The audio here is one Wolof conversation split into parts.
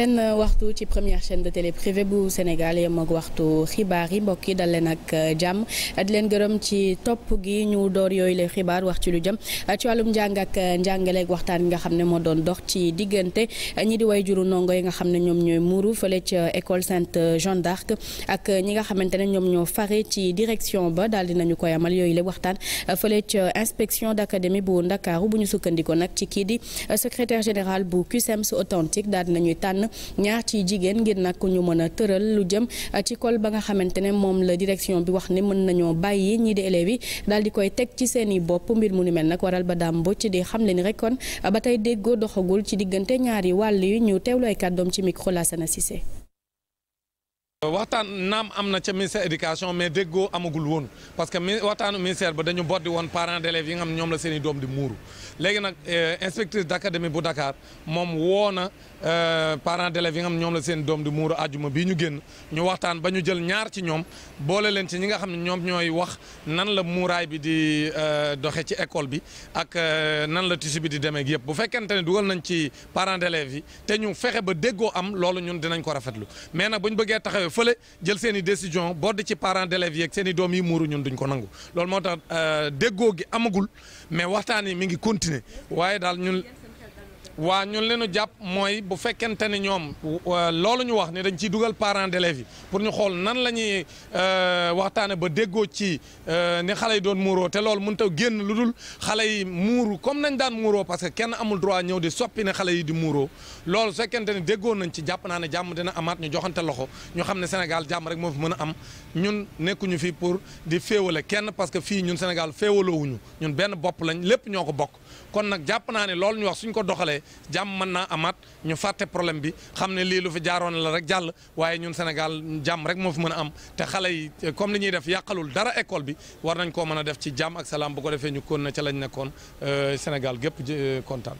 benn waxtu ci première chaîne de télé privée bu Sénégal yem ak waxtu xibaar yi mbokk yi dal leen ak jàmm di leen gërëm ci topp gi ñu door yooyu le xibaar wax ci lu jëm ci wàllum njàng ak njàngale ak waxtaan nga xam ne moo doon dox ci diggante ñi di way juru ndongo yi nga xam ne ñoom ñooy muuru fële ca école Sainte Jeanne d'Arc ak ñi nga xamante ne ñoom ñoo fare ci direction ba daal dinañu ko amal yooyu le waxtaan fële ca inspection d'académie bu Ndakaaru bu nag ci kii di ñaar ci jigéen ngir nag ñu mën a tëral lu jëm ci kol ba nga xamante ne moom la direction bi wax ne mën nañoo bàyyi ñii di élèves yi daal di koy teg ci seeni bopp mbir mu ni mel nag waral ba daam mbocc di xam leen rek kon ba tey déggoo doxagul ci diggante ñaari wàll yu ñu teewlu kàddoom ci micro na si se waxtaan naam am na ca ministère éducation mais déggoo amagul woon parce que mi waxtaanu ministère ba dañu boddi woon parents d'élèves yi nga xam ñoom la seen i doom di muuru léegi nag euh, inspectrice d'académie bu Dakar moom Euh, parents d'élèves yi nga ñoom la seen doom di muuru ajuma bi ñu génn ñu waxtaan ba ñu jël ñaar ci ñoom boole leen ci ñi nga xam ne ñoom ñooy wax nan la muuraay bi di euh, doxe ci école bi ak euh, nan la tissu bi di demee yëpp bu fekkente ne dugal nañ ci parents d'élèves yi te ñu fexe ba déggoo am loolu ñun dinañ ko rafetlu mais nag bu ñu bëggee taxawee fële jël seeni i décision bodd ci parents d'élèves yi seeni seen doom yi muuru ñun duñ ko nangu loolu moo tax déggoo gi amagul mais waxtaan yi mi ngi continuer waa ñun leenu jàpp mooy bu fekkente ne ñoom loolu ñu wax ne dañ ciy dugal parents d'élèves yi pour ñu xool nan la ñuy euh, waxtaane ba déggoo ci euh, ni xale yi doon muuroo te loolu mun a génn lu dul xale yi muuru comme nañ daan muuroo parce que kenn amul droit ñëw di soppi xale yi di muuroo loolu su fekkente ne déggoo nañ ci jàpp naa ne jàmm dina amaat ñu joxante loxo ñu xam ne Sénégal jàmm rek moo fi mën a am ñun nekkuñu fi pour di féewale kenn parce que fii ñun Sénégal féewaloo ñu ñun benn bopp lañ lépp ñoo ko bokk kon nag jàpp naa ne loolu ñu wax suñ ko doxalee jàmm mën naa amaat ñu fàtte problème bi xam ne lii lu fi jaaroon la rek jàll waaye ñun Sénégal jàmm rek moo fi mën a am te xale yi comme li ñuy def yàqalul dara école bi war nañ koo mën a def ci jàmm ak salaam bu ko defee ñu kon na ca lañ nekkoon euh, Sénégal gépp kontaan.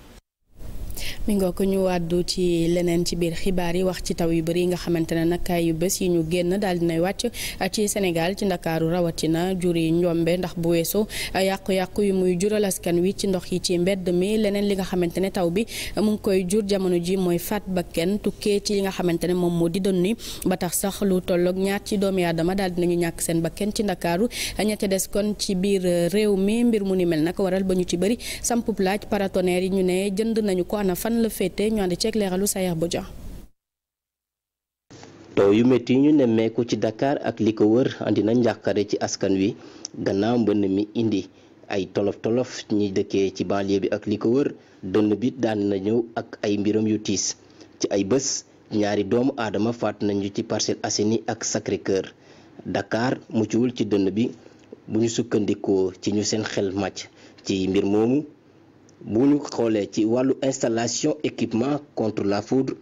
mi ngoo ko ñu wàddu ci leneen ci biir xibaar yi wax ci taw yu bëri yi nga xamante ne nag yu bés yi ñu génn daal dinay wàcc ci senegal ci ndakaaru rawatina jur yi njombe ndax bu weesoo yàqu-yàqu yu muy jural askan wi ci ndox yi ci mbedd mi leneen li nga xamante ne taw bi mu ngi koy jur jamono ji mooy faat bakken tukkee ci li nga xamante ne moom moo di doon ni ba tax sax lu tolloog ñaar ci doomi aadama daal nañu ñàkk seen bakken ci ndakaaru ñette des kon ci biir réew mi mbir mu ni mel nag ba ñu ci bëri sampub laaj paratonnerre yi ñu ne jënd fan la féete ñu ànd ceeg leeralu Sayer Bodian taw yu métti ñu nemmeeku ci Dakar ak li ko wër andi na ci askan wi gannaaw mbënn mi indi ay tolof-tolof ñi dëkkee ci banlieue bi ak li ko wër dënn bi daan na ñëw ak ay mbiram yu tiis ci ay bés ñaari doomu aadama faat nañu ci Parcelles Assainies ak Sacré-Cœur Dakar muccul ci dënn bi bu sukkandikoo ci ñu seen xel màcc ci mbir moomu bu ñu xoolee ci wàllu installation équipement contre la foudre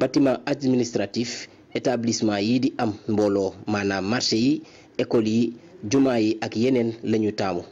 bâtiment administratif établissement yi di am mbooloo maanaam marché yi école yi jumaa yi ak yeneen lañu taamu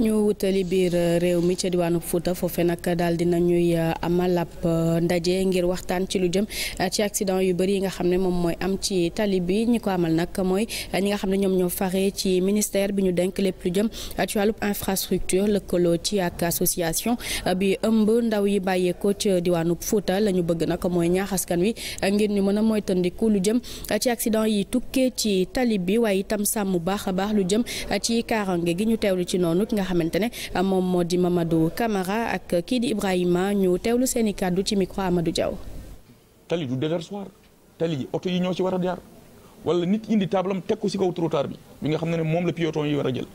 ñu wutali biir euh, réew mi ca diwaanu Fouta foofe nag daal dina ñuy euh, amal ab euh, ndaje ngir waxtaan ci lu jëm ci accident yu bëri yi nga xam ne moom mooy am ci tali bi ñi ko amal nag mooy ñi nga xam ne ñoom ñoo fare ci ministère bi ñu denk lépp lu jëm ci wàllub infrastructure lëkkaloo ci ak association bi ëmb ndaw yi bàyyeekoo ca diwaanu Fouta la ñu bëgg nag mooy ñaax askan wi ngir ñu mën a moytandiku lu jëm ci accident yi tukkee ci talib bi waaye itam sàmm bu baax a baax lu jëm ci kaaraange gi ñu teewlu ci noonu. nga xamante ne moom moo di Mamadou Camara ak kii di Ibrahima ñu teewlu seen i kàddu ci micro Amadou Diaw. tali du déversoir tali yi oto yi ñoo ci war a jaar wala nit indi taabalam teg ko ci kaw trottoir bi bi nga xam ne moom la piéton yi war a jël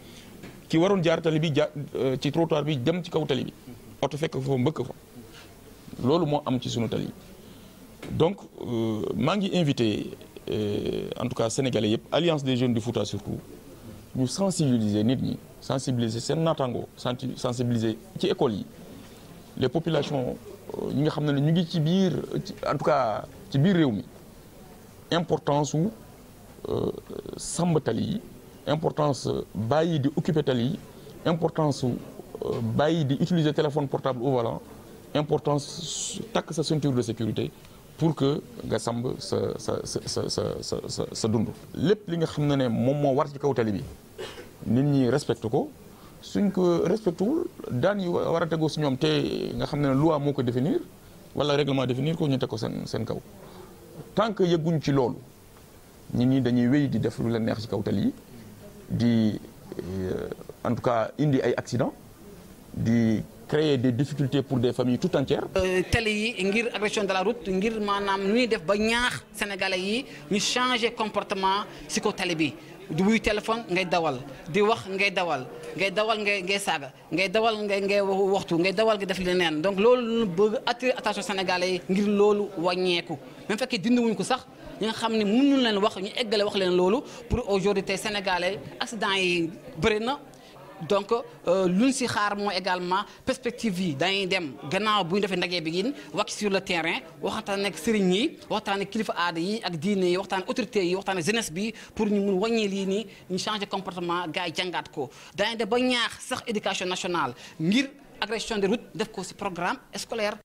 ki waroon jaar tali bi ja euh, ci trottoir bi dem ci kaw tali bi oto fekk fa mbëkk fa loolu moo am ci sunu tali donc euh, maa ngi invité euh, en tout cas sénégalais yëpp alliance des jeunes du Fouta surtout ñu sensibiliser nit ñi. sensibiliser seen naataango sensibiliser ci école yi les population euh, ñi nga xam ne ñu ngi ci biir en tout cas ci biir réew mi importance su euh, sàmm tali yi importance bàyyi di occuper tali yi importance su euh, bàyyi di utiliser téléphone portable au volant importance takk sa ceinture de sécurité pour que nga samb sa sa sa sa sa sa dund. lépp li nga xam ne ne moom moo war ci kaw tali bi. nit ñi respecté ko suñ ko respecté wul daan yi war a tegoo si ñoom te nga xam ne loi moo ko définir wala règlement définir ko ñu teg ko seen seen kaw tant que yëguñ ci loolu nit ñi dañuy wéy di def lu leen neex ci kaw tali yi di euh, en tout cas indi ay accident di créer des difficultés pour des familles tout entières. Euh, télé yi ngir agression de la route ngir maanaam nu ñuy def ba ñaax sénégalais yi ñu changer comportement si ko télé bi. di wuy téléphone ngay dawal di wax ngay dawal ngay dawal ngay ngay saaga ngay dawal ngay ngay waxtu ngay dawal nga def leneen donc loolu bëgg attirer attention sénégalais yi ngir loolu wàññeeku même fekkee dindi wuñ ko sax ñu nga xam ne mënuñu leen wax ñu eggale wax leen loolu pour aujourd'hui tey sénégalais accident yi bëri na donc euh, luñ si xaar mooy également perspective yi dañuy dem gannaaw buy defee ndaje bi gin wàcc sur le terrain waxtaan ak sëriñ yi waxtaan ak kilifa aada yi ak diine yi waxtaan autorité yi waxtaan jeunesse bi pour ñu mun wàññi lii ni ñu changé comportement gars yi jàngaat ko dañuy dem ba ñaax sax éducation nationale ngir agression de route def ko si programme scolaire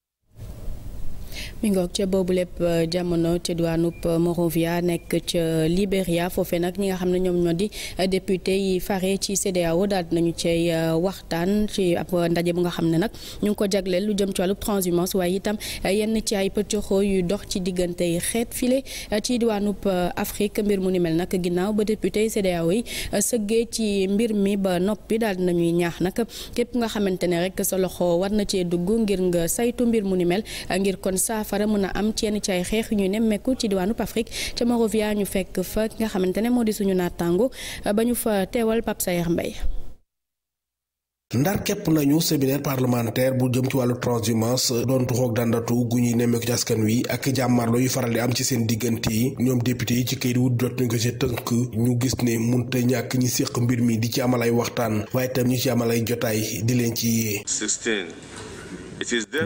mi ngoog ca boobu lépp euh, jamono ca diwaanub euh, Monrovia nekk ca Liberia foofe nag ñi nga xam ne ñoom ñoo di euh, député yi fare ci CEDEAO daal nañu cay waxtaan ci ab ndaje bu nga xam ne nag ñu ngi ko jagleel lu jëm ci wàllu transhumance waaye itam yenn ci ay pëccoxoo yu dox ci diggante yi xeet file ci diwaanub Afrique mbir mu ni mel nag ginnaaw ba député CEDEAO yi sëggee ci mbir mi ba noppi daal nañuy ñaax nag képp nga xamante ne rek sa loxo war na cee dugg ngir saytu mbir mu saafara mën a am ci yenn ci ay xeex ñu nemmeeku ci diwaanu Pafrique ca Morovia ñu fekk fa nga xamante ne moo di suñu naataango ba ñu fa teewal Pape Sayer Mbaye ndar képp nañu séminaire parlementaire bu jëm ci wàllu transhumance doon tuxoog dandatu gu ñuy nemmeeku ci askan wi ak jàmmarlo yu faral di am ci seen diggante yi ñoom député yi ci kayit wu jot nañ ko ci tënk ñu gis ne munta ñàkk ñi séq mbir mi di ci amalay waxtaan waaye itam ñu ci amalay jotaay di leen ci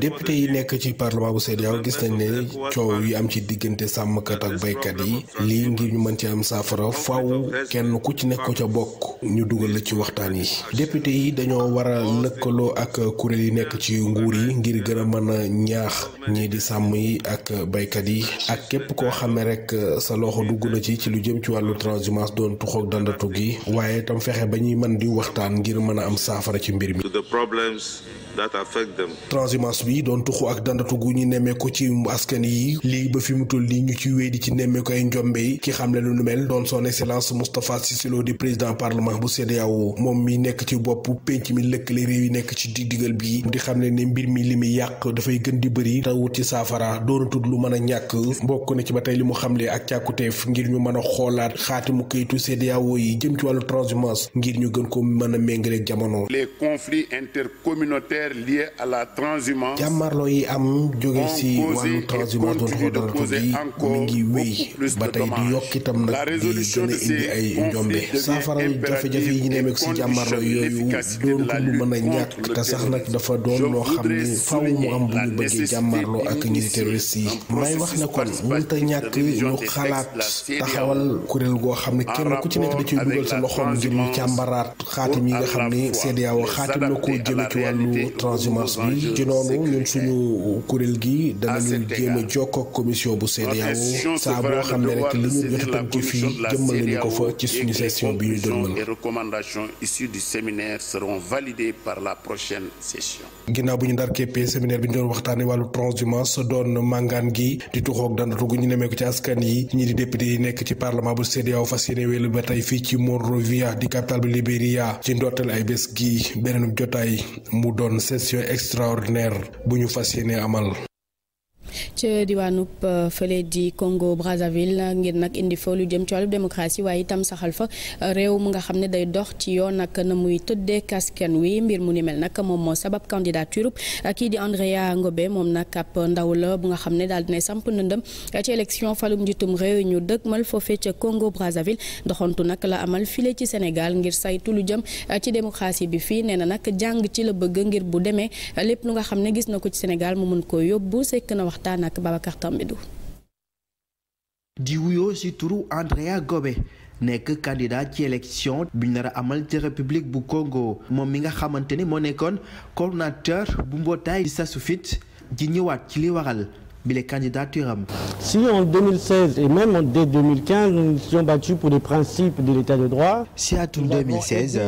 député yi nekk ci parlement bu CEDEAO gis nañ ne coow yi am ci diggante sàmmkat ak baykat yi lii ngir ñu mën ci am saafara faaw kenn ku ci nekk ca bokk ñu dugal la ci waxtaan yi député yi dañoo war a lëkkaloo ak kuréel yi nekk ci nguur yi ngir gën a mën a ñaax ñii di sàmm yi ak baykat yi ak képp koo xamee rek sa loxo dugg na ci ci lu jëm ci wàllu transhumance doon tuxoog dandatu gi waaye tam fexe ba ñuy mën di waxtaan ngir mën a am saafara ci mbir mi. Casamance bi doon tuxu ak dandatu gu ñu nemmeeku ci askan yi lii ba fi mu toll nii ñu ci wéy di ci nemmeeku ay njombe yi ki xamle lu mel doon son excellence Moustapha Cissé Lo di président parlement bu CEDEAO moom mi nekk ci bopp penc mi lëkkale réew yi nekk ci digdigal bi di xam ne ne mbir mi li muy yàq dafay gën di bëri te wut ci saafara doonatul lu mën a ñàkk mbokk na ci ba tey li mu xamle ak càkkuteef ngir ñu mën a xoolaat xaatimu kayitu CEDEAO yi jëm ci wàllu transhumance ngir ñu gën ko mën a méngaleeg jamono. transhumance jàmmarloo yi am jóge ci wàllu transhumance doon xoolal ko bi mi ngi wéy ba tey di yokk itam nag di gën a indi ay njombe saafaral jafe-jafe yi ñu nemeek ci jàmmarloo yooyu doon ko lu mën a ñàkk te sax nag dafa doon loo xam ne faw mu am bu ñu bëggee jàmmarloo ak ñi di yi may wax ne kon mënta ñàkk ñu xalaat taxawal kuréel goo xam ne kenn ku ci nekk da ciy dugal sa loxoom ngir ñu càmbaraat xaatim yi nga xam ne CEDEAO xaatim na ko jëme ci wàllu transhumance ci noonu ñun suñu kuréel gi danañu ah, jéem a jokkoo bu CEDEAO saa boo xam ne rek li bi ñu doon mën. recommandations issues du séminaire seront par la prochaine session. ginnaaw bu ñu ndar képpee séminaire bi ñu doon waxtaanee wàllu transhumance doon màngaan gi di tuxoog daan dugg ñu nemee ko ci askan yi ñi di député yi nekk ci parlement bu CEDEAO fas yéene wéelu ba tey fii ci Monrovia di capitale bu Libéria ci ndorteel ay bés gi beneen jotaay mu doon session extraordinaire neer bu ñu fas yéene amal ca diwaanub euh, fële di Congo Brazzaville ngir nag indi fa lu jëm ci wàllu démocratie waaye itam saxal fa réew mu nga xam ne day dox ci yoon nag na muy tëddee kaskan wi mbir mu ni mel nag moom moo sabab candidature kii di Andrea Ngobe moom na ab ndaw la bu nga xam ne daal dina samp ndëndëm ci élection falum njiitum réew ñu dëgmal foofee ca Congo Brazzaville doxantu nag la amal file ci senegal ngir saytu lu jëm ci démocratie bi fii nee na nag jàng ci la bëgg ngir bu demee lépp lu nga xam ne gis na ko ci Sénégal mu mun ko yóbbu sekk na waxtaan ak Babacar Tambidou di wuyoo ci turu Andrea Gobe nekk candidat ci élection bi ñu nar a amal ci république bu Congo moom mi nga xamante ni moo nekkoon coordonnateur bu mbootaay di Sassoufit ji ñëwaat ci li waral bile candidature am. si en 2016 et même dès 2015 nous nous étions pour les principes de l'état de droit. si atum 2016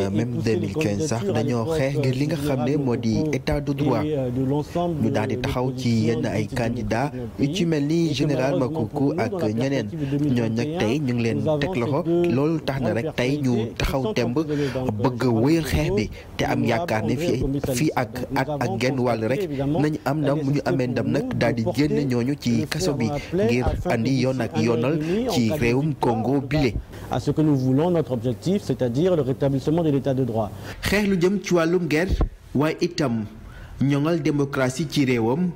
sax dañoo xeex ngir li nga euh, xam ne moo di état de droit euh, ñu daal di taxaw ci yenn ay candidats yu ci mel ni général Makoku ak ñeneen ñooñu nag tey ñu ngi leen teg loxo loolu tax na rek tey ñu taxaw temb bëgg a wéyal xeex bi te am yaakaar ne fii fii ak at ak genn wàll rek nañu am ndam bu ñu amee ndam nag daal di génn. ñooñu ci kaso bi ngir andi yoon ak yoonal ci réewum Congo bile. à ce que nous voulons notre objectif c'est-à-dire le rétablissement de l'état de droit. xeex lu jëm ci wàllum ger waaye itam ñoŋal démocratie ci réewam.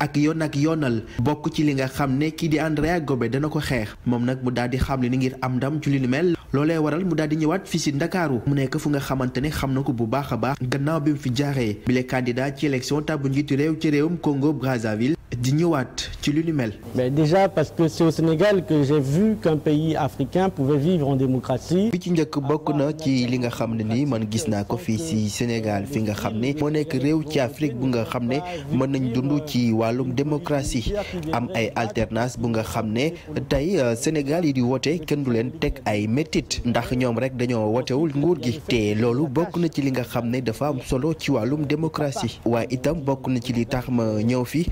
ak yoon ak yoonal bokk ci li nga xam ne kii di Andrea Gobe dana ko xeex moom nag mu daal di xam li ni ngir am ndam ci li ni mel loolee waral mu daal di ñëwaat fii si Ndakaaru mu nekk fu nga xamante ne xam na ko bu baax a baax gannaaw bi mu fi jaaree bile candidat ci élection tàbb ci réewum Congo Brazzaville di ñëwaat ci lu ni mel. mais déjà parce que c'est au Sénégal que j'ai vu qu'un pays africain pouvait vivre en démocratie. bi ci njëkk bokk na ci li nga xam ne ni man gis naa ko fii si Sénégal fi nga xam ne moo nekk réew ci Afrique bu nga xam ne mën nañ dund ci wàllum démocratie am ay alternance bu nga xam ne tey euh, Sénégal yi di woote kenn du leen teg ay métit ndax ñoom rek dañoo wootewul nguur gi te loolu bokk na ci li nga xam ne dafa am solo ci wàllum démocratie waaye itam bokk na ci li tax ma ñëw fi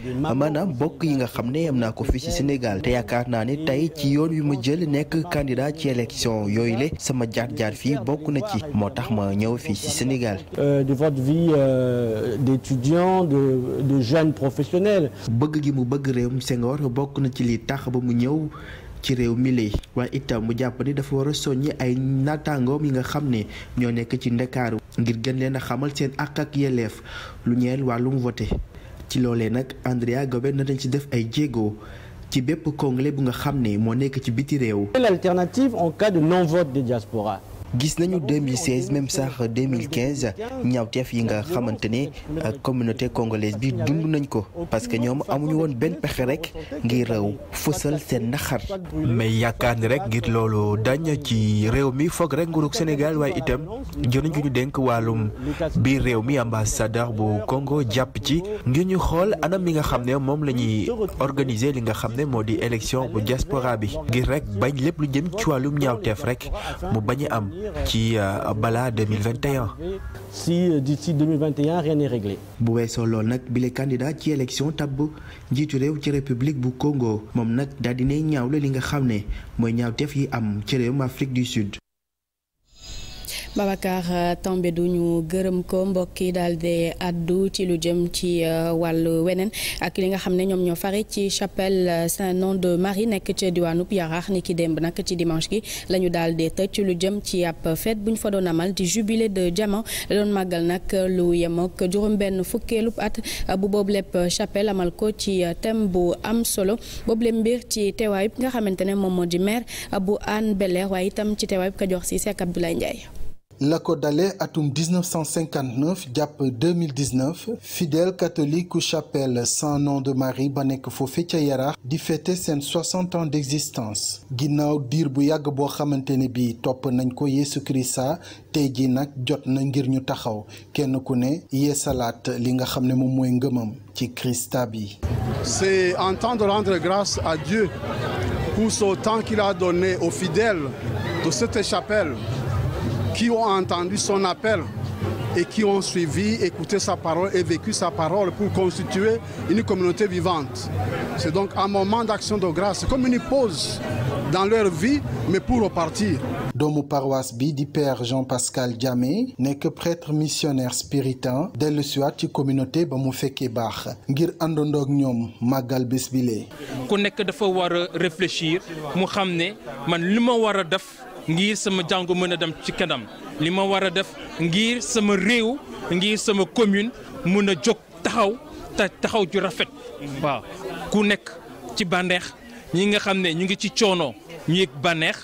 maanaam bokk yi nga xam ne am naa ko fii ci Sénégal te yaakaar naa ne tey ci yoon wi ma jël nekk candidat ci élection yooyu le sama jaar-jaar fii bokk na ci moo tax ma ñëw fii ci Sénégal. Euh, de votre vie euh, d'étudiant de de jeune professionnel. bëgg gi mu bëgg réew mu Senghor bokk na ci lii tax ba mu ñëw. ci réew mi lay waaye itam mu jàpp ni dafa war a soññi ay naataangoom yi nga xam ne ñoo nekk ci ndakaaru ngir gën leen a xamal seen àq ak yelleef lu ñeel wàllum vote ci loole nag Andrea Gobet na dañ ci def ay jéego ci bépp congrès bu nga xam ne moo nekk ci biti réew. Quelle alternative en cas de non vote des diasporas gis nañu 2016 même sax 2015 ñaawteef yi nga xamante ne euh, communauté congolaise bi dund nañ ko parce que ñoom amuñu woon benn pexe rek ngir euh, fësal seen naxar. mais yaakaar ni rek ngir loolu dañ ci réew mi foog rek nguurug Sénégal waaye itam jëriñ ñu dénk wàllum biir réew mi ambassadeur bu Congo jàpp ci ngir ñu xool anam mi nga xam ne moom la ñuy organiser li nga xam ne moo di élection bu diaspora bi ngir rek bañ lépp lu jëm ci wàllum ñaawteef rek mu bañ am. ci balaa 2021. si euh, d'ici 2021 rien n'est réglé. bu weesoo lool nag bile candidat ci élection tabb njiitu réew ci république bu Congo moom nag daal di ne ñaaw la li nga xam ne mooy ñaawteef yi am ci réewum Afrique du Sud. Babacar euh, Tambédou ñu gërëm ko mbokk yi daal di addu ci lu jëm ci euh, wàllu weneen ak li nga xam ne ñoom ñoo fare ci chapelle euh, Saint-Nom de Marie nekk ca diwaanu Yaraax ni ki démb nag ci dimanche gi la ñu daal di tëj ci lu jëm ci ab fête bu ñu fa doon amal di jubilé de diamant doon màggal nag lu yem ak juróom-benn fukkeelu at bu boobu lépp chapelle amal ko ci thème bu am solo boobu lépp mbir ci teewaay bi nga xamante ne moom moo di maire bu Hann Bel-Air waaye itam ci bi ka Ndiaye. la ko dale atum 1959 jàpp 2019 fidèle catholique u chapelle Saint Nom de Marie ba nekk foofe ca Yaraax di fêter seen 60 ans d'existence ginnaaw diir bu yàgg boo xamante ne bi topp nañ ko Yeesu Krista tey ji nag jot na ngir ñu taxaw kenn ku ne salaat li nga xam ne moom mooy ngëmam ci Krista bi c'est en temps de rendre grâce à Dieu pour ce temps qu'il a donné aux fidèles de cette chapelle qui ont entendu son appel et qui ont suivi, écouté sa parole et vécu sa parole pour constituer une communauté vivante. C'est donc un moment d'action de grâce, comme une pause dans leur vie, mais pour repartir. doomu paroisse bi di père Jean-Pascal Diamé nekk prêtre missionnaire spiritain dellu siwaat ci communauté ba mu fekkee baax ngir àndandoo ak ñoom màggal bés bile. ku nekk dafa war réfléchir mu xam ne man li ma war a def. ngir sama jàngu mën a dem ci kanam li ma war a def ngir sama réew ngir sama commune mun a jóg taxaw te taxaw ju rafet waaw ku nekk ci bànneex ñi nga xam ne ñu ngi ci coono ñu yëg bànneex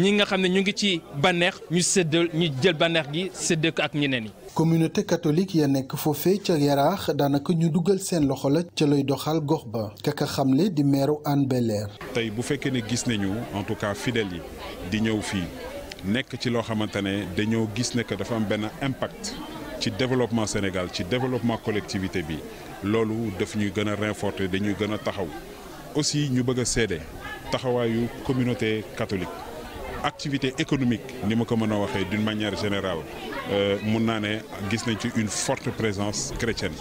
ñi nga xam ne ñu ngi ci bànneex ñu séddal ñu jël bànneex gi séddal ak ñeneen yi communauté catholique ya nekk foofee ca yaraax daanaka ñu dugal seen loxo la ca lay doxal gox ba kaka xamle di meeru Hann Bel-Air tey bu fekkee ne gis nañu en tout cas fidèles yi di ñëw fii nekk ci loo xamante ne dañoo gis ne que dafa am benn impact ci développement Sénégal ci développement collectivité bi loolu daf ñuy gën a renforcer dañuy gën a taxaw aussi ñu bëgg a seede taxawaayu communauté catholique activité économique ni ma ko mën a waxee d'une manière générale Euh, mun naa ne gis nañ ci une forte présence chrétienne.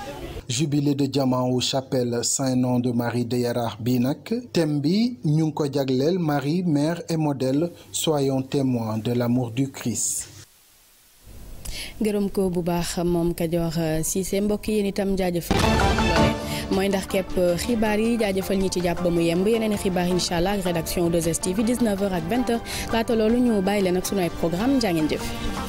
jubilé de diamant wu chapelle Saint-Nom de Marie de Yaraax bi nag thème bi ñu ngi ko jagleel Marie mère et modèle soyons témoins de l'amour du Christ. gërëm ko bu baax moom Kajoor euh, Cissé mbokk yéen itam jaajëfal mooy ndax képp euh, xibaar yi jaajëfal ñi ci jàpp ba mu yemb yeneen i xibaar incha allah ak rédaction 2STV 19h ak 20h laata loolu ñu bàyyi leen ak sunu ay programme jaa jëf.